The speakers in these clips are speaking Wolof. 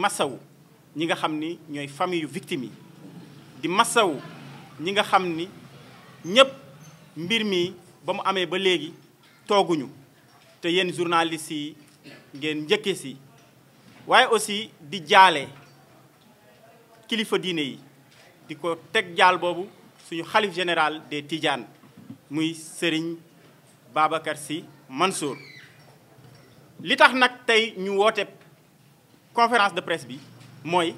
masaw ñi nga xam ni ñooy famille yu victime yi di masaw ñi nga xam ni ñëpp mbir mi ba mu amee ba léegi tooguñu te yéen journalistes yi ngeen njëkke si waaye aussi di jaale kilifa diine yi di ko teg jaal boobu suñu xalif général des Tidianes muy sëriñ Babacar Sy Mansour li tax nag tey ñu woote conférence de presse bi mooy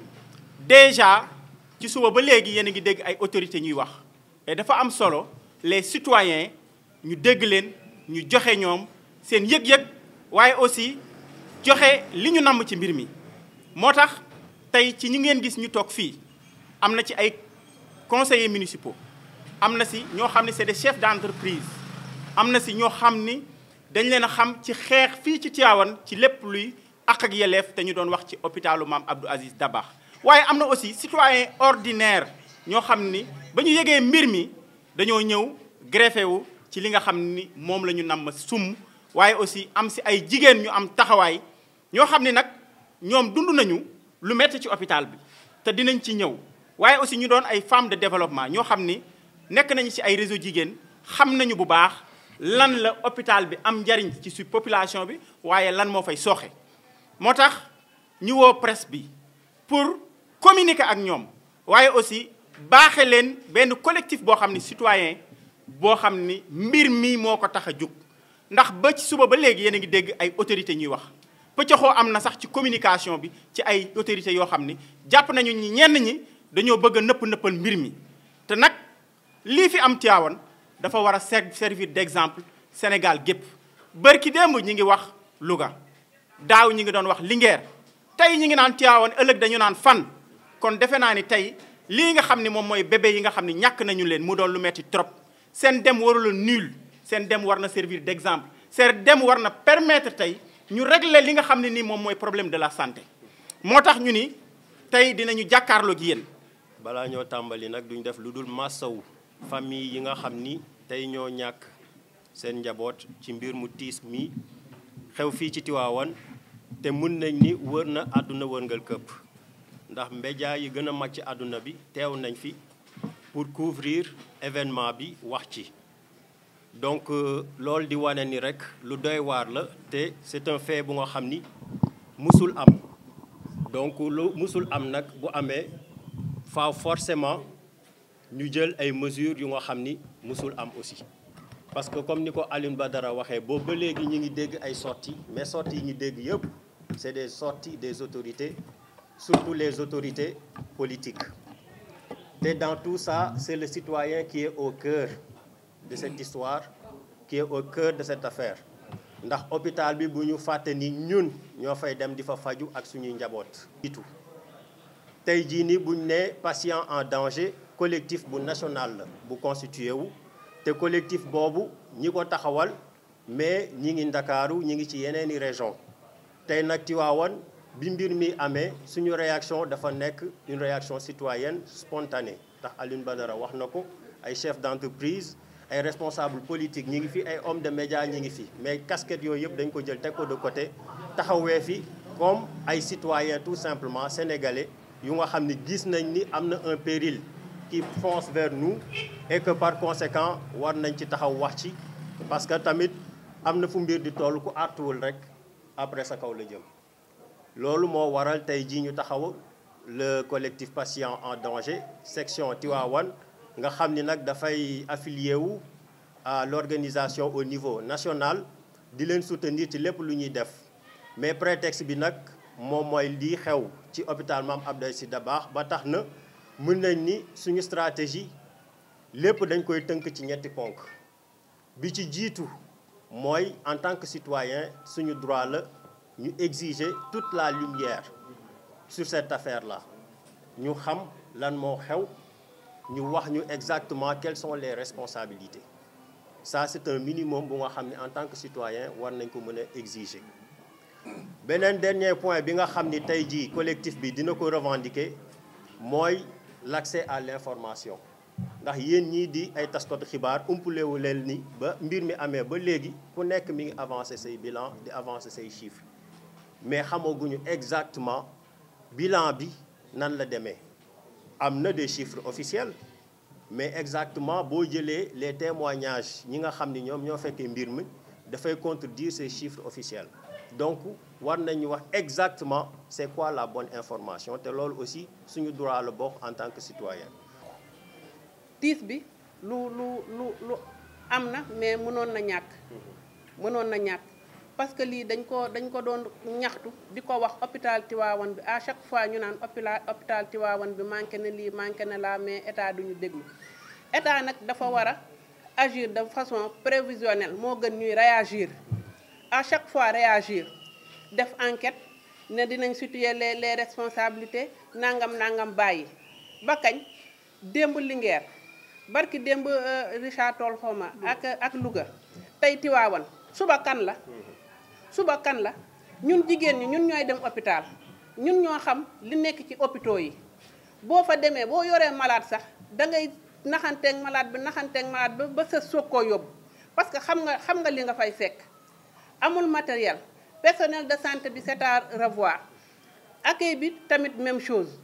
déjà ci suba ba léegi yéen a ngi dégg ay autorité ñuy wax et dafa am solo les citoyens ñu dégg leen ñu joxe ñoom seen yëg-yëg waaye aussi joxe li ñu namm ci mbir mi moo tax tey ci ñu ngeen gis ñu toog fii am na ci ay conseillers municipaux am na si ñoo xam ne c'est des chefs d'entreprise am na si ñoo xam ni dañ leen a xam ci xeex fii ci Tivaouane ci lépp luy ak ak yelleef te ñu doon wax ci hôpitalu maam Abdou Aziz Dabakh waaye am na aussi citoyen ordinaire ñoo xam ni ba ñu yëgee mbir mi dañoo ñëw greffé ci li nga xam ni moom la ñu namm sum waaye aussi am si ay jigéen ñu am taxawaay ñoo xam ni nag ñoom dund nañu lu metti ci hôpital bi te dinañ ci ñëw waaye aussi ñu doon ay femmes de développement ñoo xam ni nekk nañu si ay réseau jigéen xam nañu bu baax lan la hôpital bi am njariñ ci su population bi waaye lan moo fay sooxe moo tax ñu woo presse bi pour communiquer ak ñoom waaye aussi baaxe leen benn collectif boo xam ni citoyen boo xam ni mbir mi moo ko tax a jug ndax ba ci suba ba léegi yéen a ngi dégg ay autorités ñuy wax pëccëxoo am na sax ci communication bi ci ay autorités yoo xam ni jàpp nañu ñi ñenn ñi dañoo bëgg nëpp nëppal mbir mi te nag lii fi am Tivaouane dafa war a servir d'exemple Sénégal gépp bërki démb ñi ngi wax Louga daaw ñi ngi doon wax Linguère tey ñi ngi naan Tivaouane ëllëg dañu naan fan kon defe naa ni tey lii nga xam ni moom mooy bébé yi nga xam ni ñàkk nañu leen mu doon lu metti trop seen dem warula nuul seen dem war na servir d'exemple seen dem war na permettre tey ñu régler li nga xam ne nii moom mooy problème de la santé moo tax ñu ni tey dinañu jàkkaarloog yéen balaa ñoo tàmbali nag duñ def lu dul massawu famille yi nga xam ni tey ñoo ñàkk seen njaboot ci mbir mu tiis mi xew fii ci Tivaouane te mun nañ ni wër na àdduna wërngal këpp ndax média yi gën a ci àdduna bi teew nañ fi pour couvrir événement bi wax ci donc euh, loolu di wane ni rek lu doy waar la te c'est un fait bu nga xam ni mosul am donc lu mosul am nag bu amee faaw forcément ñu jël ay mesures yu nga xam ni musul am aussi parce que comme ni ko alin ba dara waxee boobu ba léegi ñu ngi dégg ay sorties mais sorties yi ñu dégg yëpp c'est des sorti des autorités, surtout les autorités politiques. Et dans tout ça, c'est le citoyen qui est au cœur de cette histoire, qui est au cœur de cette affaire. ndax hôpital bi bu ñu fàtte ni ñun ñoo fay dem di fa faju ak suñuy njaboot jiitu tey jii ni buñ ne patient en danger collectif bu national la bu constitué wu te collectif boobu ñi ko taxawal mais ñi ngi Ndakaaru ñi ngi ci yeneeni région tey nag Tivaouane bi mbir mi amee suñu réaction dafa nekk une réaction citoyenne spontanée ndax Alioune Badara wax na ko ay chef d'entreprise ay responsable politique ñi ngi fi ay homme de médias ñi ngi fi mais casquette yooyu yëpp dañ ko jël teg ko de côté taxawee fi comme ay citoyens tout simplement sénégalais yu nga xam ne gis nañ ni am na un péril qui fonce vers nous et que par conséquent war nañ ci taxaw wax ci parce que tamit am na fu mbir di toll ku artuwul rek après sa kaw la jëm loolu moo waral tey jii ñu taxaw le collectif patient en danger section Tivaouane nga xam ni nag dafay affilié wu à l'organisation au niveau national di leen soutenir ci lépp lu ñuy def mais prétexte bi nag moom mooy lii xew ci hôpital Mame Abdoulaye Sy baax ba tax na mën nañ ni suñu stratégie lépp dañ koy tënk ci ñetti ponk bi ci jiitu mooy en tant que citoyen suñu droit la ñu exiger toute la lumière sur cette affaire la ñu xam lan moo xew ñu wax ñu exactement quelles sont les responsabilités ça c'est un minimum bu nga xam ne en tant que citoyen war nañ ko mën a exiger beneen dernier point bi nga xam ni tey jii collectif bi dina ko revendiquer mooy l'accès à l'information ndax yéen ñii di ay taskatu xibaar umpulewu leen ni ba mbir mi amee ba léegi ku nekk mi ngi avancé say bilan di avancé say chiffres mais xamaguñu exactement bilan bi nan la demee am na des chiffres officiels mais exactement boo jëlee les témoignages ñi nga xam ni ñoom ñoo fekkee mbir mi dafay contre contredire ces chiffres officiels donc war nañu wax exactement c'est quoi la bonne information te loolu aussi suñu droit la bokk en tant que citoyen tiis bi lu lu lu lu am na mais mënoon na ñàkk mënoon na ñàkk parce que lii dañ ko dañ ko doon ñaxtu di ko wax hôpital Tivaouane bi à chaque fois ñu naan hôpital hôpital Tivaouane bi manqué na lii manqué na laa mais état duñu déglu état nag dafa war a agir de façon prévisionnelle moo gën ñuy réagir à chaque fois réagir def enquête ne dinañ situer les les responsabilités nangam nangam bàyyi ba kañ démb Linguère barki démb euh, Richard Toll xawma hmm. ak ak Louga tey Tiwaawan suba kan la hmm. suba kan la ñun jigéen ñi ñun ñooy dem hôpital ñun ñoo xam li nekk ci hôpitaux yi boo fa demee boo yoree malaat sax da ngay naxanteeg malade bi naxanteeg malade bi ba sa soog koo yóbbu parce que xam nga xam nga li nga fay fekk amul matériel personnel de santé bi c'est à revoir accueil bi tamit même chose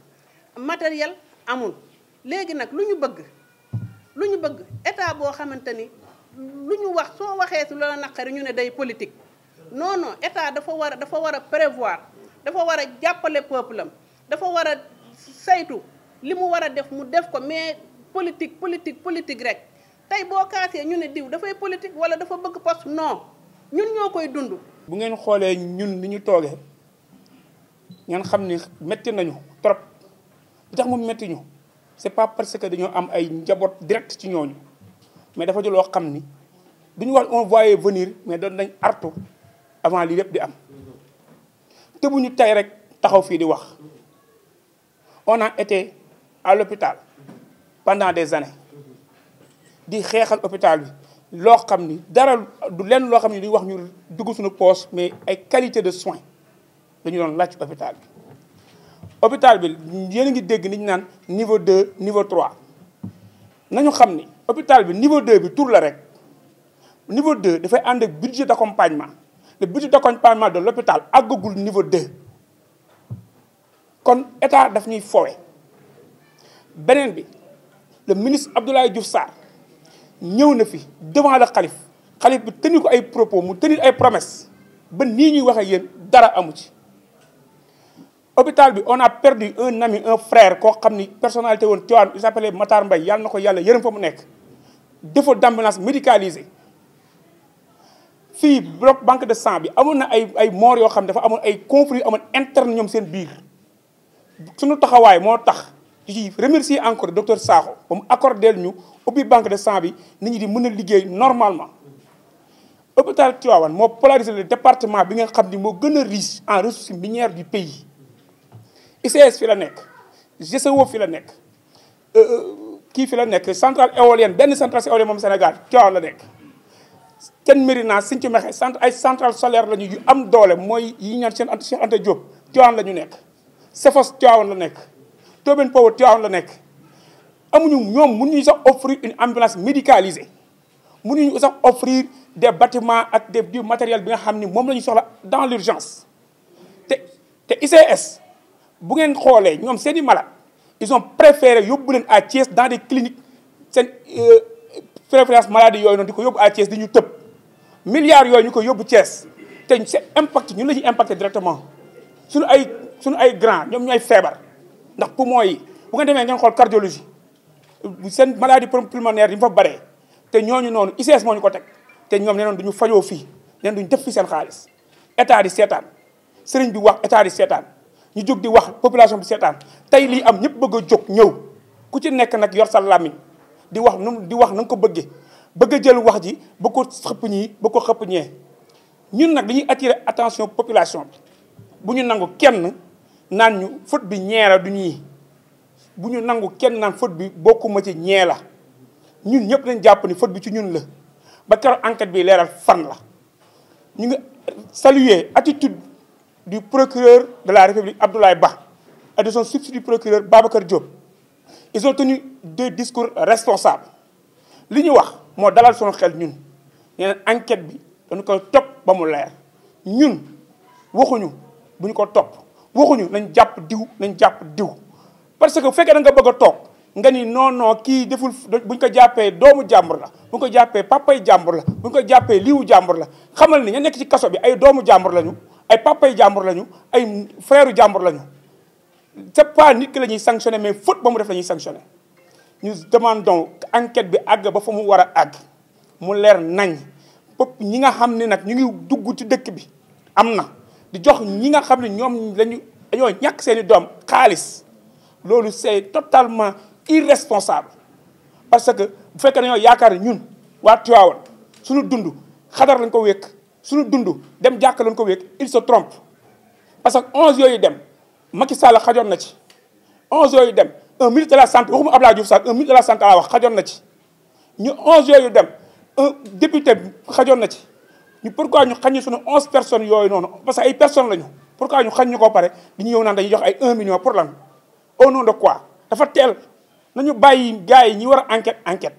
matériel amul léegi nag lu ñu bëgg lu ñu bëgg état boo xamante ni lu ñu wax soo waxee si loola naqari ñu ne day politique non non état dafa war a dafa war a prévoir dafa war a jàppale peuple am dafa war a saytu li mu war a def mu def ko mais politique politique politique rek tey boo kaasee ñu ne diw dafay politique wala dafa bëgg poste non ñun ñoo koy dund. bu ngeen xoolee ñun li ñu toogee ngeen xam ni métti nañu trop li tax mu métti ñu. c'est pas parce que dañoo am ay njaboot direct ci ñooñu mais dafa di loo xam ni duñu wax on voyait venir mais doon nañ artu avant lii lépp di am te ñu tey rek taxaw fii di wax on a été à l'hôpital pendant des années di xeexal hôpital bi loo xam ni dara du lenn loo xam ni duñu wax ñu dugg suñu poche mais ay qualité de soins dañu doon laaj hôpital bi hôpital bi yéen a ngi dégg ni ñu naan niveau 2 niveau 3 nañu xam ni hôpital bi niveau 2 bi tur la rek niveau 2 dafay ànd ak budget d' accompagnement le budget d' accompagnement de l'hôpital àggagul niveau 2 kon état daf ñuy fowe beneen bi le ministre Abdoulaye Diouf Sarr ñëw na fi devant le xalif xalif bi tenir ko ay propos mu tenir ay promesses ba nii ñuy waxee yéen dara amu ci hôpital bi on a perdu un ami un frère koo xam ni personnalité woon Tivaouane il s'appelait Matar Mbaye yàlla na ko yàlla yërëm fa mu nekk défaut d'ambulance médicalisée fii bloc banque de sang bi amoon na ay ay mort yoo xam ne dafa amoon ay conflits amoon interne ñoom seen biir suñu taxawaay moo tax di remercier encore docteur Sakho ba mu accordé ñu ubbi banque de sang bi nit ñi di mën a liggéey normalement hôpital Tivaouane moo polarisé le département bi nga xam ni moo gën a riche en ressources minières du pays ICS fi la nekk GCO e fi la nekk euh, euh, kii fi la nekk centrale éolienne benn centrale éolienne moom Sénégal Tivaouane la nekk kenn ten Médina Sinthiou Mekhe cent ay centrale solaire la ñu am doole mooy yi ñaan seen ant Cheikh Anta Diop Tivaouane la ñu nekk Cefos Tivaouane la nekk Tobin Power Tivaouane la nekk amuñu ñoom mënuñu sax offrir une ambulance mu mënuñu sax offrir des bâtiments ak des du matériel bi nga xam ni moom la ñu soxla dans l'urgence te te ICS bu ngeen xoolee ñoom seen i malade ils ont préféré yóbbu leen à Thiès dans des cliniques seen euh, préférence maladie yooyu noonu di ko yóbbu à Thiès di ñu tëb milliards yooyu ñu ko yóbbu Thiès te c'est ñun la ñuy impacté directement suñu ay suñu ay grand ñoom ñooy feebar ndax poumon yi bu ngeen demee ngeen xool cardiologie seen maladie pulmonaire yi mu fa baree te ñooñu noonu ICS moo ñu ko teg te ñoom nee noon duñu fajoo fii nee duñu def fi seen xaalis état di seetaan sëriñ bi wax état di seetaan ñu jóg di wax population bi seetaan tey lii am ñëpp bëgg a jóg ñëw ku ci nekk nag yor sa làmmiñ di wax nu di wax na ko bëggee bëgg a jël wax ji ba ko xëpp ñii ba ko xëpp ñee ñun nag ñuy attirer attention population bi bu ñu nangu kenn naan ñu faute bi ñeera du ñii bu ñu nangu kenn naan faute bi bokkuma ci ñee la ñun ñëpp dañ jàpp ni faute bi ci ñun la ba keroog enquête bi leeral fan la ñu ngi saluer attitude du procureur de la République Abdoulaye Ba et de son substitut procureur Babacar Diop ils ont tenu deux discours responsables li ñu wax moo dalal son xel ñun nee enquête bi dañu koy topp ba mu leer ñun waxuñu bu ñu ko topp waxuñu nañ jàpp diw nañ jàpp diw parce que bu fekkee da nga bëgg a toog nga ni non non kii deful bu ñu ko jàppee doomu jàmbur la bu ko jàppee papay jàmbur la bu ñu ko jàppee liiwu jàmbur la xamal ni ña nekk ci kaso bi ay doomu jàmbur lañu ay papay jàmbur lañu ay frère jàmbur lañu c'est pas nit ki la ñuy sanctionné mais faute ba mu def la ñuy sanctionné ñu demandons enquête bi àgg ba fa mu war a àgg mu leer nañ bopp ñi nga xam ne nag ñu ngi dugg ci dëkk bi am na di jox ñi nga xam ne ñoom lañu dañoo ñàkk seeni doom kaalis loolu c'est totalement irresponsable parce que bu fekkee dañoo yaakaar ñun waa Tivaouane suñu dund xadar lañ ko wékk suñu dund dem jàkkaarloo ko wéeg il se trompe parce que 11 yooyu dem Macky Sall xajoon na ci. 11 yooyu dem un ministre de la santé waxuma Abdoulaye Diouf Sarr un ministre de xajoon na ci ñu 11 yooyu dem un député xajoon na ci ñu pourquoi ñu xañ ñu suñu 11 personnes yooyu noonu parce que ay personnes lañu pourquoi ñu xañ ñu ko pare dañu yow naan dañuy jox ay un million pour lan au nom de quoi dafa teel nañu bàyyi gars yi ñuy war a enquête enquête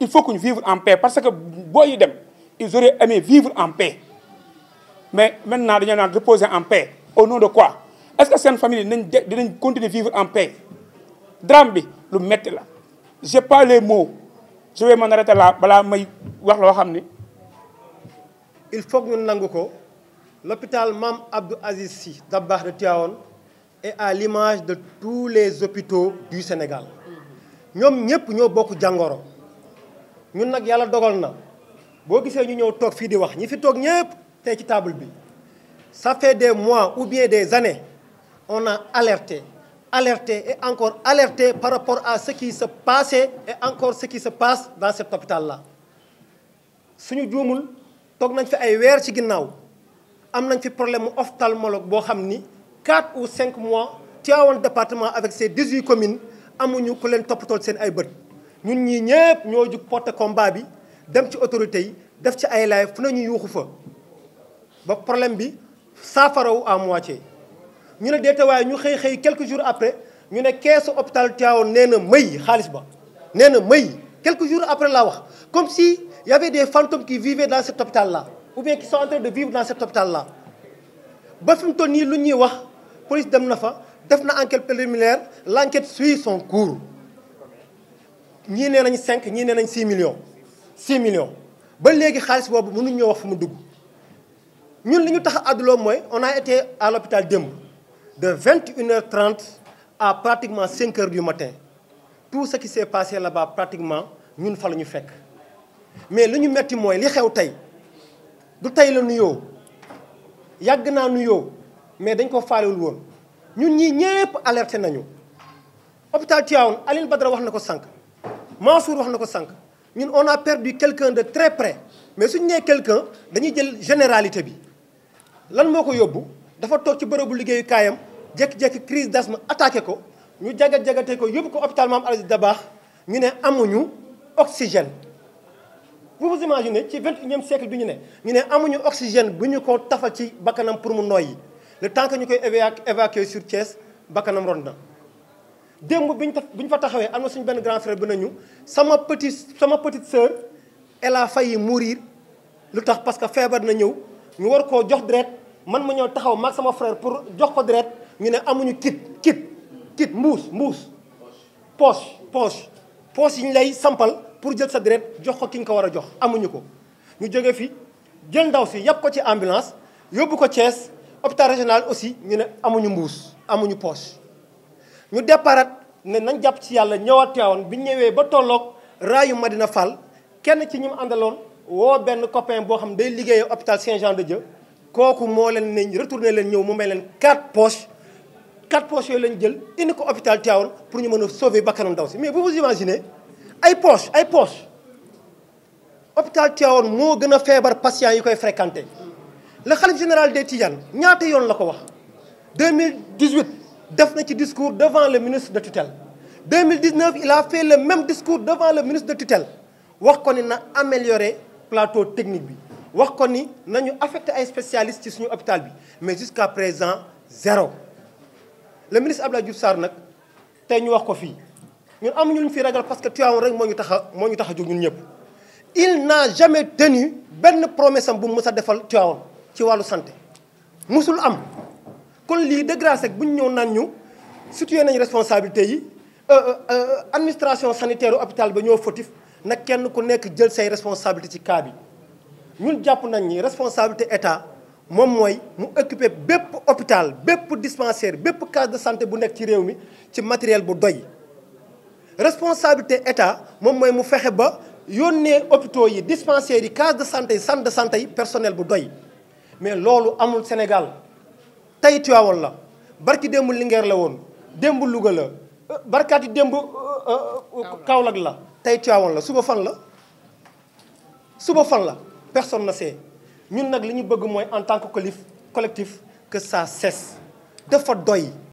il faut que ñu vivre en paix parce que boo yi dem. ils auraient aimé vivre en paix mais maintenant dañoo naan reposer en paix au nom de quoi est-ce que seen famille nañ de dinañ continuer vivre en paix drame bi lu metti la j'ai pas les mots je vais m'en balaa may wax loo xam ni il faut que ñu nangu ko l'hôpital Mame Abdou Aziz Sy Dabakh de Tivaouane est à l'image de tous les hôpitaux du Sénégal ñoom ñëpp ñoo bokk jàngoro ñun nag yàlla dogal na boo gisee ñu ñëw toog fii di wax ñi fi toog ñëpp tey ci table bi ça fait des mois ou bien des années on a alerte alerte et encore alerte par rapport à ce qui se passait et encore ce qui se passe dans cet la là suñu juumul toog nañ fi ay weer ci ginnaaw am nañ fi problème mu ophtalmologue boo xam ni quatre ou 5 mois ti woon département avec ses 18 communes amuñu ku leen toppatool seen ay bët ñun ñii ñëpp ñoo jug porter combat bi dem ci autorité yi def ci ay live fu nañu yuuxu fa ba problème bi saafarawu à moitié ñu ne deete waaye ñu xëy xëy quelques jours après ñu ne keesu hôpital Tivaouane nee na may xaalis ba nee na may quelques jours après laa wax comme si y avait des fantômes qui vivaient dans cet hôpital là bien qui sont en train de vivre dans ba fi toll nii lu ñuy wax police dem na fa def na enquête préliminaire l' enquête suit son cours ñii nee nañ 5 ñii nee nañ 6 millions 6 millions ba léegi xaalis boobu mënuñ ñoo wax fu mu dugg ñun li ñu tax a àdduloo mooy on a été à l'hôpital démb de 21 heures 30 à pratiquement 5 heures du matin tout sa qui s'est passé là-bas pratiquement ñun fa la ñu fekk mais li ñu metti mooy li xew tey du tey la nuyoo yàgg naa nuyoo mais dañ ko faalewul woon ñun ñii ñépp alerté nañu hôpital Tivaouane Aline Badara wax na ko sànq Mansour wax na ko sànq ñun on a perdu quelqu'un de très près mais suñu nee quelqu'un dañuy jël généralité bi lan moo ko yóbbu dafa toog ci bërëbu liggéeyu kaayam jékki-jékki crise d'asthme attaqué ko ñu jagat-jagate ko yóbbu ko hôpital Maam de baax ñu ne amuñu oxygène vous vous imaginez ci vingt-et-unième siècle bi ñu ne ñu ne amuñu oxygène bu ñu ko tafal ci bakkanam pour mu noyyi le temps que ñu koy évacuer sur Thiès bakkanam ron na démb bi ñu fa bi ñu fa taxawee am na suñu benn grand frère bi nañu sama petit sama petite sœur elle a failli mourir lu tax parce que feebar na ñëw ñu war koo jox deret man ma ñëw taxaw maag sama frère pour jox ko deret ñu ne amuñu kit kit kit mbuus mbuus poche poche poche yi ñu lay sampal pour jël sa deret jox ko ki nga ko war a jox amuñu ko ñu jóge fi jël ndaw si yàpp ko ci ambulance yóbbu ko Thiès hôpital régional aussi ñu ne amuñu mbuus amuñu poche ñu déparat ne nañ jàpp ci yàlla ñëwaat Tiwaawan bi ñëwee ba tolloog raayu Madina Fall kenn ci ñi mu àndaloon woo benn copain boo xam ne day liggéeyee hôpital Saint-Jean-de-Dieu kooku moo leen ne retourné leen ñëw mu may leen quatre poches quatre poches yooyu lañ jël indi ko hôpital Tiwaawan pour ñu mën a sauver bakkanam ndaw si mais bu vous imaginez ay poches ay poches hôpital Tiwaawan moo gën a feebar patients yi koy fréquenté la khalife général des Tidianes ñaata yoon la ko wax def na ci discours devant le ministre de tutelle 2019 il a fait le même discours devant le ministre de tutelle wax ko ni na améliorer plateau technique bi wax ko ni nañu affecté ay spécialistes ci suñu hôpital bi mais jusqu'à présent zéro le ministre Abdoulaye Diouf saar nag tey ñu wax ko fii ñun am lu ñu fi ragal parce que Tivaouane rek moo ñu tax moo ñu tax a jóg ñun ñëpp il n'a jamais tenu benn promesse am bu mu mës a defal Tivaouane ci wàllu santé mosul am kon lii de grâce bu ñu ñëw naan ñu situé nañ responsabilité yi euh, euh, euh, administration sanitaire hôpital ba ñoo fautif nag kenn ku nekk jël say responsabilité ci cas bi ñun jàpp nañ ñi responsabilité état moom mooy mu occuper bépp hôpital bépp dispensaire bépp case de santé bu nekk ci réew mi ci matériel bu doy responsabilité état moom mooy mu fexe ba yónnee hôpitaux yi dispensaires yi case de santé yi de santé yi personnel bu doy mais loolu amul Sénégal tey Tiwaawan la barki démb Linguère la woon démb Louga la euh, barkaati démb euh, euh, Kaolack la tey Tiwaawan la suba fan la suba fan la personne ne ñun nag li ñu bëgg mooy en tant que colif collectif que ça cesse dafa doy